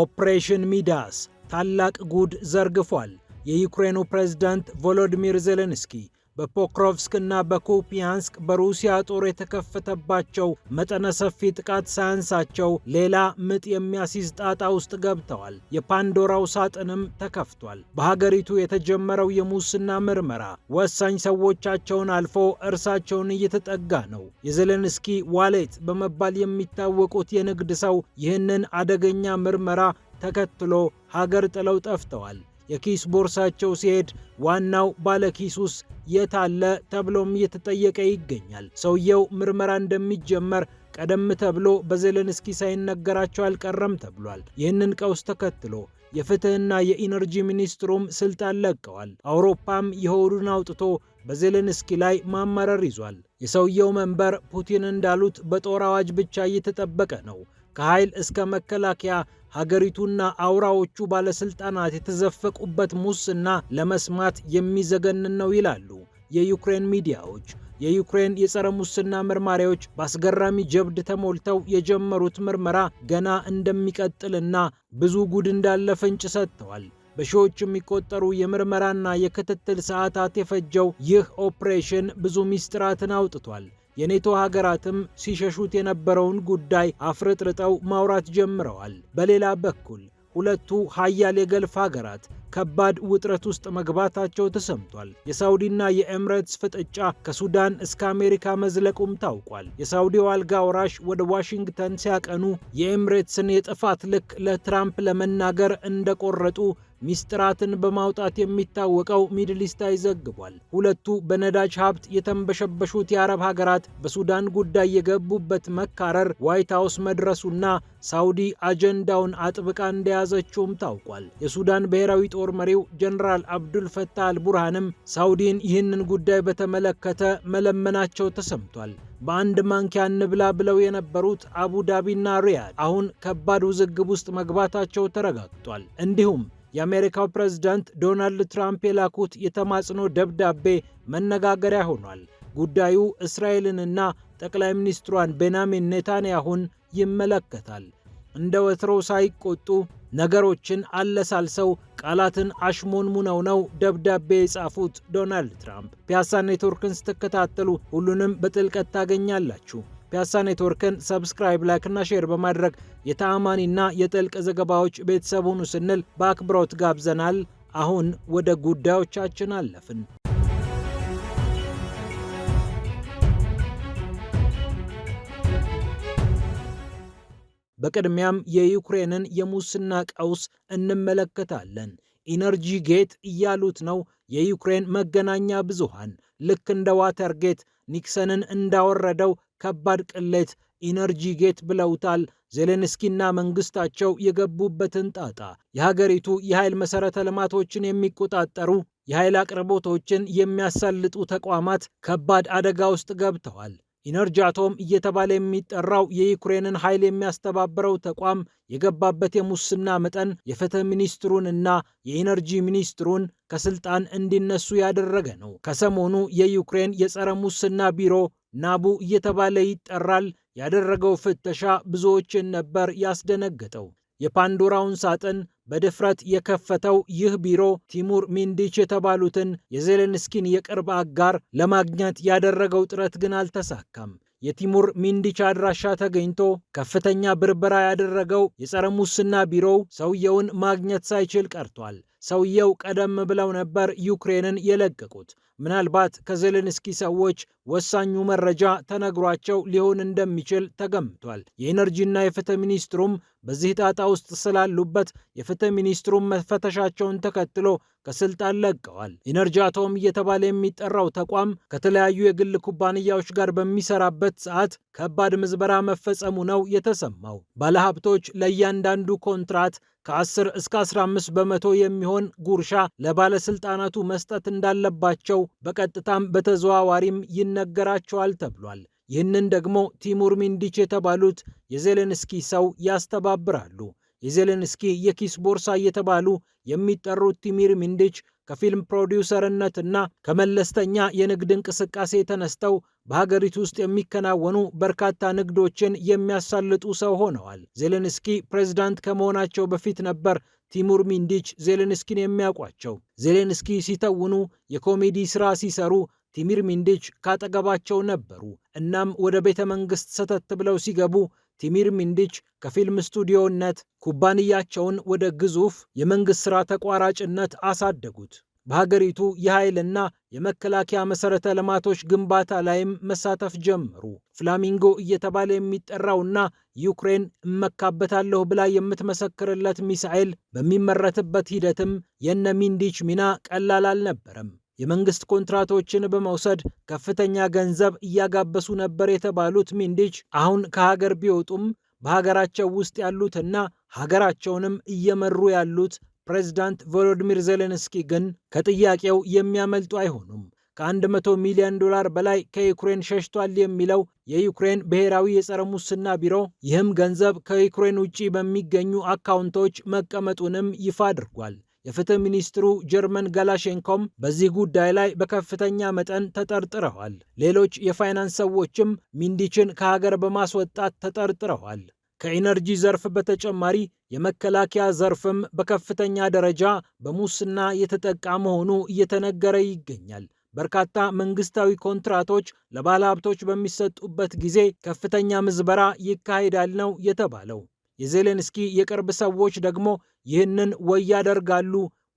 ኦፕሬሽን ሚዳስ ታላቅ ጉድ ዘርግፏል። የዩክሬኑ ፕሬዝዳንት ቮሎዲሚር ዜሌንስኪ በፖክሮቭስክና በኩፒያንስክ በሩሲያ ጦር የተከፈተባቸው መጠነ ሰፊ ጥቃት ሳያንሳቸው ሌላ ምጥ የሚያስይዝ ጣጣ ውስጥ ገብተዋል። የፓንዶራው ሳጥንም ተከፍቷል። በሀገሪቱ የተጀመረው የሙስና ምርመራ ወሳኝ ሰዎቻቸውን አልፎ እርሳቸውን እየተጠጋ ነው። የዘለንስኪ ዋሌት በመባል የሚታወቁት የንግድ ሰው ይህንን አደገኛ ምርመራ ተከትሎ ሀገር ጥለው ጠፍተዋል። የኪስ ቦርሳቸው ሲሄድ ዋናው ባለኪሱስ የት አለ ተብሎም እየተጠየቀ ይገኛል። ሰውየው ምርመራ እንደሚጀመር ቀደም ተብሎ በዜሌንስኪ ሳይነገራቸው አልቀረም ተብሏል። ይህንን ቀውስ ተከትሎ የፍትህና የኢነርጂ ሚኒስትሩም ስልጣን ለቀዋል። አውሮፓም የሆዱን አውጥቶ በዜሌንስኪ ላይ ማማረር ይዟል። የሰውየው መንበር ፑቲን እንዳሉት በጦር አዋጅ ብቻ እየተጠበቀ ነው። ከኃይል እስከ መከላከያ ሀገሪቱና አውራዎቹ ባለሥልጣናት የተዘፈቁበት ሙስና ለመስማት የሚዘገንን ነው ይላሉ የዩክሬን ሚዲያዎች። የዩክሬን የጸረ ሙስና መርማሪዎች በአስገራሚ ጀብድ ተሞልተው የጀመሩት ምርመራ ገና እንደሚቀጥልና ብዙ ጉድ እንዳለ ፍንጭ ሰጥተዋል። በሺዎች የሚቆጠሩ የምርመራና የክትትል ሰዓታት የፈጀው ይህ ኦፕሬሽን ብዙ ሚስጥራትን አውጥቷል። የኔቶ ሀገራትም ሲሸሹት የነበረውን ጉዳይ አፍርጥርጠው ማውራት ጀምረዋል። በሌላ በኩል ሁለቱ ሀያል የገልፍ ሀገራት ከባድ ውጥረት ውስጥ መግባታቸው ተሰምቷል። የሳውዲና የኤምሬትስ ፍጥጫ ከሱዳን እስከ አሜሪካ መዝለቁም ታውቋል። የሳውዲው አልጋ ወራሽ ወደ ዋሽንግተን ሲያቀኑ የኤምሬትስን የጥፋት ልክ ለትራምፕ ለመናገር እንደቆረጡ ሚስጥራትን በማውጣት የሚታወቀው ሚድል ዘግቧል። ሁለቱ በነዳጅ ሀብት የተንበሸበሹት የአረብ ሀገራት በሱዳን ጉዳይ የገቡበት መካረር ዋይት ሀውስ መድረሱና ሳውዲ አጀንዳውን አጥብቃ እንደያዘችውም ታውቋል። የሱዳን ብሔራዊ ጦር መሪው ጀኔራል አብዱል ፈታህ አልቡርሃንም ሳውዲን ይህንን ጉዳይ በተመለከተ መለመናቸው ተሰምቷል። በአንድ ማንኪያ እንብላ ብለው የነበሩት አቡ ዳቢና ሪያድ አሁን ከባድ ውዝግብ ውስጥ መግባታቸው ተረጋግጧል። እንዲሁም የአሜሪካው ፕሬዝዳንት ዶናልድ ትራምፕ የላኩት የተማጽኖ ደብዳቤ መነጋገሪያ ሆኗል። ጉዳዩ እስራኤልንና ጠቅላይ ሚኒስትሯን ቤንያሚን ኔታንያሁን ይመለከታል። እንደ ወትሮው ሳይቆጡ ነገሮችን አለሳልሰው ቃላትን አሽሞንሙነው ነው ደብዳቤ የጻፉት ዶናልድ ትራምፕ። ፒያሳ ኔትወርክን ስትከታተሉ ሁሉንም በጥልቀት ታገኛላችሁ። ፒያሳ ኔትወርክን ሰብስክራይብ፣ ላይክና ሼር በማድረግ የተአማኒና የጥልቅ ዘገባዎች ቤተሰብ ሁኑ ስንል በአክብሮት ጋብዘናል። አሁን ወደ ጉዳዮቻችን አለፍን። በቅድሚያም የዩክሬንን የሙስና ቀውስ እንመለከታለን። ኢነርጂ ጌት እያሉት ነው የዩክሬን መገናኛ ብዙሃን። ልክ እንደ ዋተር ጌት ኒክሰንን እንዳወረደው ከባድ ቅሌት ኢነርጂ ጌት ብለውታል። ዜሌንስኪና መንግስታቸው የገቡበትን ጣጣ የሀገሪቱ የኃይል መሠረተ ልማቶችን የሚቆጣጠሩ የኃይል አቅርቦቶችን የሚያሳልጡ ተቋማት ከባድ አደጋ ውስጥ ገብተዋል። ኢነርጂ አቶም እየተባለ የሚጠራው የዩክሬንን ኃይል የሚያስተባብረው ተቋም የገባበት የሙስና መጠን የፍትህ ሚኒስትሩን እና የኢነርጂ ሚኒስትሩን ከስልጣን እንዲነሱ ያደረገ ነው። ከሰሞኑ የዩክሬን የጸረ ሙስና ቢሮ ናቡ እየተባለ ይጠራል ያደረገው ፍተሻ ብዙዎችን ነበር ያስደነገጠው። የፓንዶራውን ሳጥን በድፍረት የከፈተው ይህ ቢሮ ቲሙር ሚንዲች የተባሉትን የዜሌንስኪን የቅርብ አጋር ለማግኘት ያደረገው ጥረት ግን አልተሳካም። የቲሙር ሚንዲች አድራሻ ተገኝቶ ከፍተኛ ብርበራ ያደረገው የጸረ ሙስና ቢሮው ሰውየውን ማግኘት ሳይችል ቀርቷል። ሰውየው ቀደም ብለው ነበር ዩክሬንን የለቀቁት። ምናልባት ከዘለንስኪ ሰዎች ወሳኙ መረጃ ተነግሯቸው ሊሆን እንደሚችል ተገምቷል። የኢነርጂና የፍትህ ሚኒስትሩም በዚህ ጣጣ ውስጥ ስላሉበት የፍትህ ሚኒስትሩም መፈተሻቸውን ተከትሎ ከስልጣን ለቀዋል። ኢነርጂ አቶም እየተባለ የሚጠራው ተቋም ከተለያዩ የግል ኩባንያዎች ጋር በሚሰራበት ሰዓት ከባድ ምዝበራ መፈጸሙ ነው የተሰማው። ባለሀብቶች ለእያንዳንዱ ኮንትራት ከ10 እስከ 15 በመቶ የሚሆን ጉርሻ ለባለስልጣናቱ መስጠት እንዳለባቸው በቀጥታም በተዘዋዋሪም ይነገራቸዋል ተብሏል። ይህንን ደግሞ ቲሙር ሚንዲች የተባሉት የዜሌንስኪ ሰው ያስተባብራሉ። የዜሌንስኪ የኪስ ቦርሳ እየተባሉ የሚጠሩት ቲሚር ሚንዲች ከፊልም ፕሮዲውሰርነትና ከመለስተኛ የንግድ እንቅስቃሴ ተነስተው በሀገሪቱ ውስጥ የሚከናወኑ በርካታ ንግዶችን የሚያሳልጡ ሰው ሆነዋል። ዜሌንስኪ ፕሬዝዳንት ከመሆናቸው በፊት ነበር ቲሙር ሚንዲች ዜሌንስኪን የሚያውቋቸው። ዜሌንስኪ ሲተውኑ፣ የኮሜዲ ሥራ ሲሰሩ ቲሚር ሚንዲች ካጠገባቸው ነበሩ። እናም ወደ ቤተ መንግሥት ሰተት ብለው ሲገቡ ቲሚር ሚንዲች ከፊልም ስቱዲዮነት ኩባንያቸውን ወደ ግዙፍ የመንግሥት ሥራ ተቋራጭነት አሳደጉት። በሀገሪቱ የኃይልና የመከላከያ መሠረተ ልማቶች ግንባታ ላይም መሳተፍ ጀመሩ። ፍላሚንጎ እየተባለ የሚጠራውና ዩክሬን እመካበታለሁ ብላ የምትመሰክርለት ሚሳኤል በሚመረትበት ሂደትም የነ ሚንዲች ሚና ቀላል አልነበረም። የመንግስት ኮንትራቶችን በመውሰድ ከፍተኛ ገንዘብ እያጋበሱ ነበር የተባሉት ሚንዲች አሁን ከሀገር ቢወጡም በሀገራቸው ውስጥ ያሉትና ሀገራቸውንም እየመሩ ያሉት ፕሬዝዳንት ቮሎዲሚር ዜሌንስኪ ግን ከጥያቄው የሚያመልጡ አይሆኑም። ከ100 ሚሊዮን ዶላር በላይ ከዩክሬን ሸሽቷል የሚለው የዩክሬን ብሔራዊ የጸረ ሙስና ቢሮ ይህም ገንዘብ ከዩክሬን ውጭ በሚገኙ አካውንቶች መቀመጡንም ይፋ አድርጓል። የፍትህ ሚኒስትሩ ጀርመን ጋላሼንኮም በዚህ ጉዳይ ላይ በከፍተኛ መጠን ተጠርጥረዋል። ሌሎች የፋይናንስ ሰዎችም ሚንዲችን ከሀገር በማስወጣት ተጠርጥረዋል። ከኢነርጂ ዘርፍ በተጨማሪ የመከላከያ ዘርፍም በከፍተኛ ደረጃ በሙስና የተጠቃ መሆኑ እየተነገረ ይገኛል። በርካታ መንግስታዊ ኮንትራቶች ለባለሀብቶች በሚሰጡበት ጊዜ ከፍተኛ ምዝበራ ይካሄዳል ነው የተባለው። የዜሌንስኪ የቅርብ ሰዎች ደግሞ ይህንን ወይ ያደርጋሉ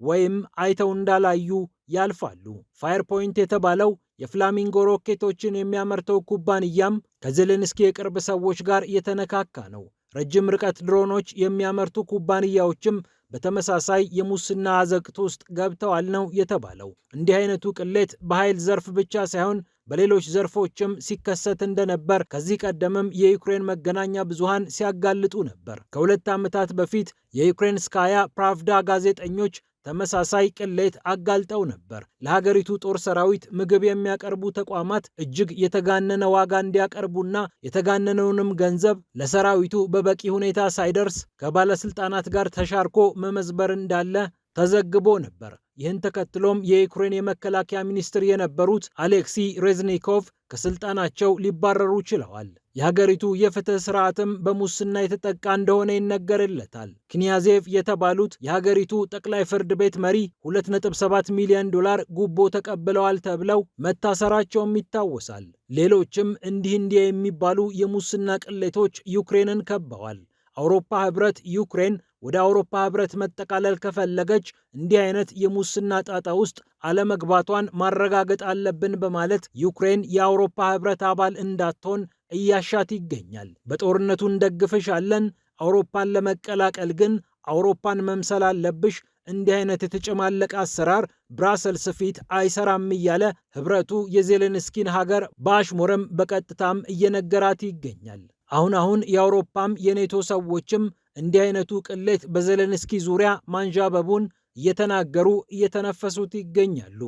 ወይም አይተው እንዳላዩ ያልፋሉ። ፋየርፖይንት የተባለው የፍላሚንጎ ሮኬቶችን የሚያመርተው ኩባንያም ከዜሌንስኪ የቅርብ ሰዎች ጋር እየተነካካ ነው። ረጅም ርቀት ድሮኖች የሚያመርቱ ኩባንያዎችም በተመሳሳይ የሙስና አዘቅት ውስጥ ገብተዋል ነው የተባለው። እንዲህ አይነቱ ቅሌት በኃይል ዘርፍ ብቻ ሳይሆን በሌሎች ዘርፎችም ሲከሰት እንደነበር ከዚህ ቀደምም የዩክሬን መገናኛ ብዙሃን ሲያጋልጡ ነበር። ከሁለት ዓመታት በፊት የዩክሬን ስካያ ፕራቭዳ ጋዜጠኞች ተመሳሳይ ቅሌት አጋልጠው ነበር። ለሀገሪቱ ጦር ሰራዊት ምግብ የሚያቀርቡ ተቋማት እጅግ የተጋነነ ዋጋ እንዲያቀርቡና የተጋነነውንም ገንዘብ ለሰራዊቱ በበቂ ሁኔታ ሳይደርስ ከባለስልጣናት ጋር ተሻርኮ መመዝበር እንዳለ ተዘግቦ ነበር። ይህን ተከትሎም የዩክሬን የመከላከያ ሚኒስትር የነበሩት አሌክሲ ሬዝኒኮቭ ከስልጣናቸው ሊባረሩ ችለዋል። የሀገሪቱ የፍትህ ስርዓትም በሙስና የተጠቃ እንደሆነ ይነገርለታል። ኪንያዜቭ የተባሉት የሀገሪቱ ጠቅላይ ፍርድ ቤት መሪ 2.7 ሚሊዮን ዶላር ጉቦ ተቀብለዋል ተብለው መታሰራቸውም ይታወሳል። ሌሎችም እንዲህ እንዲያ የሚባሉ የሙስና ቅሌቶች ዩክሬንን ከበዋል። አውሮፓ ህብረት ዩክሬን ወደ አውሮፓ ህብረት መጠቃለል ከፈለገች እንዲህ አይነት የሙስና ጣጣ ውስጥ አለመግባቷን ማረጋገጥ አለብን በማለት ዩክሬን የአውሮፓ ህብረት አባል እንዳትሆን እያሻት ይገኛል። በጦርነቱ እንደግፍሻለን፣ አውሮፓን ለመቀላቀል ግን አውሮፓን መምሰል አለብሽ። እንዲህ አይነት የተጨማለቀ አሰራር ብራሰልስ ፊት አይሰራም እያለ ህብረቱ የዜሌንስኪን ሀገር በአሽሙርም በቀጥታም እየነገራት ይገኛል። አሁን አሁን የአውሮፓም የኔቶ ሰዎችም እንዲህ አይነቱ ቅሌት በዜሌንስኪ ዙሪያ ማንዣበቡን እየተናገሩ እየተነፈሱት ይገኛሉ።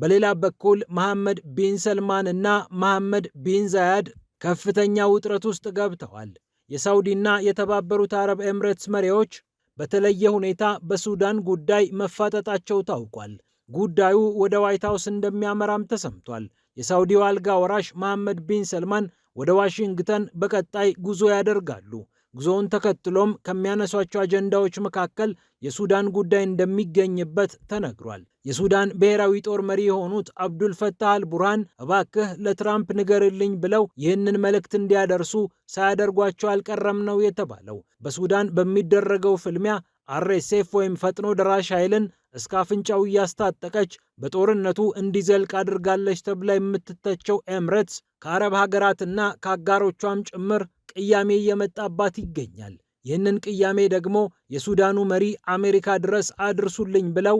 በሌላ በኩል መሐመድ ቢን ሰልማን እና መሐመድ ቢን ዛያድ ከፍተኛ ውጥረት ውስጥ ገብተዋል። የሳውዲና የተባበሩት አረብ ኤምሬትስ መሪዎች በተለየ ሁኔታ በሱዳን ጉዳይ መፋጠጣቸው ታውቋል። ጉዳዩ ወደ ዋይት ሀውስ እንደሚያመራም ተሰምቷል። የሳውዲው አልጋ ወራሽ መሐመድ ቢን ሰልማን ወደ ዋሽንግተን በቀጣይ ጉዞ ያደርጋሉ። ጉዞውን ተከትሎም ከሚያነሷቸው አጀንዳዎች መካከል የሱዳን ጉዳይ እንደሚገኝበት ተነግሯል። የሱዳን ብሔራዊ ጦር መሪ የሆኑት አብዱል ፈታህ አልቡርሃን እባክህ ለትራምፕ ንገርልኝ ብለው ይህንን መልእክት እንዲያደርሱ ሳያደርጓቸው አልቀረም ነው የተባለው። በሱዳን በሚደረገው ፍልሚያ አርኤስኤፍ ወይም ፈጥኖ ደራሽ ኃይልን እስከ አፍንጫው እያስታጠቀች በጦርነቱ እንዲዘልቅ አድርጋለች ተብላ የምትተቸው ኤምሬትስ ከአረብ ሀገራትና ከአጋሮቿም ጭምር ቅያሜ እየመጣባት ይገኛል። ይህንን ቅያሜ ደግሞ የሱዳኑ መሪ አሜሪካ ድረስ አድርሱልኝ ብለው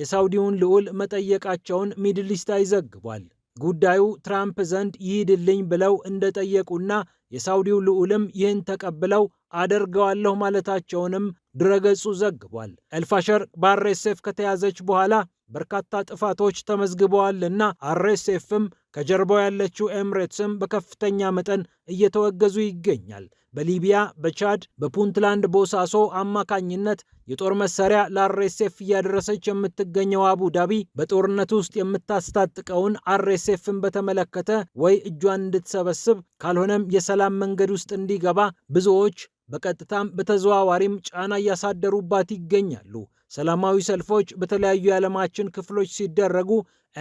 የሳውዲውን ልዑል መጠየቃቸውን ሚድል ዘግቧል። ጉዳዩ ትራምፕ ዘንድ ይሂድልኝ ብለው እንደጠየቁና የሳውዲው ልዑልም ይህን ተቀብለው አደርገዋለሁ ማለታቸውንም ድረገጹ ዘግቧል። ኤልፋሸር በአርኤስኤፍ ከተያዘች በኋላ በርካታ ጥፋቶች ተመዝግበዋልና አርኤስኤፍም ከጀርባው ያለችው ኤምሬትስም በከፍተኛ መጠን እየተወገዙ ይገኛል። በሊቢያ በቻድ በፑንትላንድ ቦሳሶ አማካኝነት የጦር መሳሪያ ለአርኤስኤፍ እያደረሰች የምትገኘው አቡ ዳቢ በጦርነት ውስጥ የምታስታጥቀውን አርኤስኤፍን በተመለከተ ወይ እጇን እንድትሰበስብ ካልሆነም የሰላም መንገድ ውስጥ እንዲገባ ብዙዎች በቀጥታም በተዘዋዋሪም ጫና እያሳደሩባት ይገኛሉ። ሰላማዊ ሰልፎች በተለያዩ የዓለማችን ክፍሎች ሲደረጉ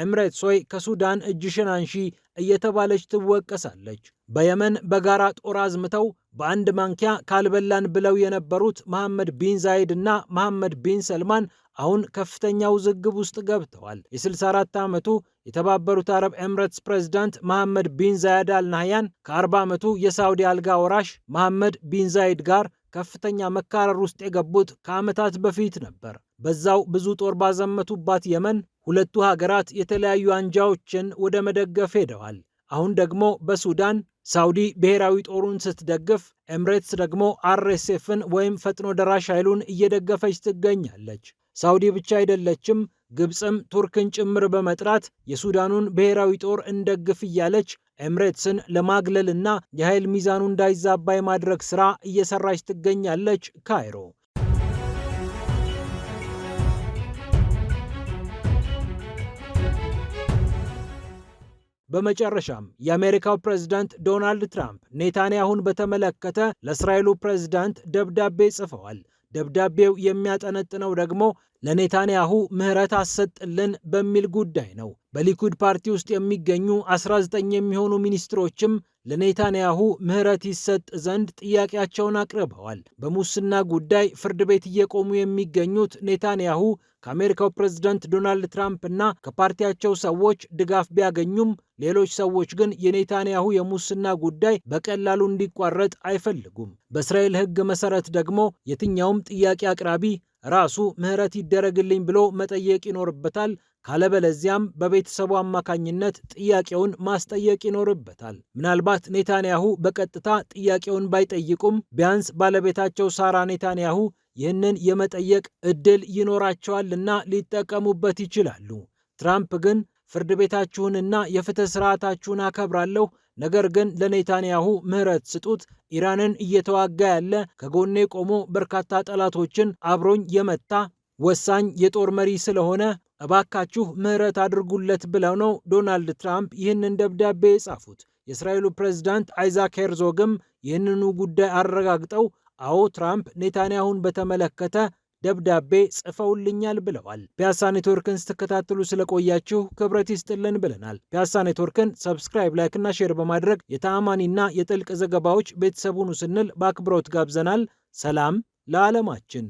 ኤምሬትስ ሆይ ከሱዳን እጅሽን አንሺ እየተባለች ትወቀሳለች። በየመን በጋራ ጦር አዝምተው በአንድ ማንኪያ ካልበላን ብለው የነበሩት መሐመድ ቢን ዛይድ እና መሐመድ ቢን ሰልማን አሁን ከፍተኛ ውዝግብ ውስጥ ገብተዋል። የ64 ዓመቱ የተባበሩት አረብ ኤምሬትስ ፕሬዚዳንት መሐመድ ቢን ዛያድ አልናህያን ከ40 ዓመቱ የሳውዲ አልጋ ወራሽ መሐመድ ቢን ዛይድ ጋር ከፍተኛ መካረር ውስጥ የገቡት ከዓመታት በፊት ነበር። በዛው ብዙ ጦር ባዘመቱባት የመን ሁለቱ ሀገራት የተለያዩ አንጃዎችን ወደ መደገፍ ሄደዋል። አሁን ደግሞ በሱዳን ሳውዲ ብሔራዊ ጦሩን ስትደግፍ፣ ኤምሬትስ ደግሞ አርኤስኤፍን ወይም ፈጥኖ ደራሽ ኃይሉን እየደገፈች ትገኛለች። ሳውዲ ብቻ አይደለችም፣ ግብፅም ቱርክን ጭምር በመጥራት የሱዳኑን ብሔራዊ ጦር እንደግፍ እያለች ኤምሬትስን ለማግለልና የኃይል ሚዛኑ እንዳይዛባ የማድረግ ሥራ እየሰራች ትገኛለች ካይሮ። በመጨረሻም የአሜሪካው ፕሬዝዳንት ዶናልድ ትራምፕ ኔታንያሁን በተመለከተ ለእስራኤሉ ፕሬዝዳንት ደብዳቤ ጽፈዋል። ደብዳቤው የሚያጠነጥነው ደግሞ ለኔታንያሁ ምህረት አሰጥልን በሚል ጉዳይ ነው። በሊኩድ ፓርቲ ውስጥ የሚገኙ 19 የሚሆኑ ሚኒስትሮችም ለኔታንያሁ ምህረት ይሰጥ ዘንድ ጥያቄያቸውን አቅርበዋል። በሙስና ጉዳይ ፍርድ ቤት እየቆሙ የሚገኙት ኔታንያሁ ከአሜሪካው ፕሬዝደንት ዶናልድ ትራምፕ እና ከፓርቲያቸው ሰዎች ድጋፍ ቢያገኙም ሌሎች ሰዎች ግን የኔታንያሁ የሙስና ጉዳይ በቀላሉ እንዲቋረጥ አይፈልጉም። በእስራኤል ሕግ መሰረት ደግሞ የትኛውም ጥያቄ አቅራቢ ራሱ ምህረት ይደረግልኝ ብሎ መጠየቅ ይኖርበታል። ካለበለዚያም በቤተሰቡ አማካኝነት ጥያቄውን ማስጠየቅ ይኖርበታል። ምናልባት ኔታንያሁ በቀጥታ ጥያቄውን ባይጠይቁም ቢያንስ ባለቤታቸው ሳራ ኔታንያሁ ይህንን የመጠየቅ እድል ይኖራቸዋልና ሊጠቀሙበት ይችላሉ። ትራምፕ ግን ፍርድ ቤታችሁንና የፍትህ ስርዓታችሁን አከብራለሁ ነገር ግን ለኔታንያሁ ምህረት ስጡት፣ ኢራንን እየተዋጋ ያለ ከጎኔ ቆሞ በርካታ ጠላቶችን አብሮኝ የመታ ወሳኝ የጦር መሪ ስለሆነ እባካችሁ ምህረት አድርጉለት ብለው ነው ዶናልድ ትራምፕ ይህንን ደብዳቤ የጻፉት። የእስራኤሉ ፕሬዝዳንት አይዛክ ሄርዞግም ይህንኑ ጉዳይ አረጋግጠው አዎ ትራምፕ ኔታንያሁን በተመለከተ ደብዳቤ ጽፈውልኛል ብለዋል። ፒያሳ ኔትወርክን ስትከታተሉ ስለቆያችሁ ክብረት ይስጥልን ብለናል። ፒያሳ ኔትወርክን ሰብስክራይብ፣ ላይክና ሼር በማድረግ የተአማኒና የጥልቅ ዘገባዎች ቤተሰቡን ስንል በአክብሮት ጋብዘናል። ሰላም ለዓለማችን።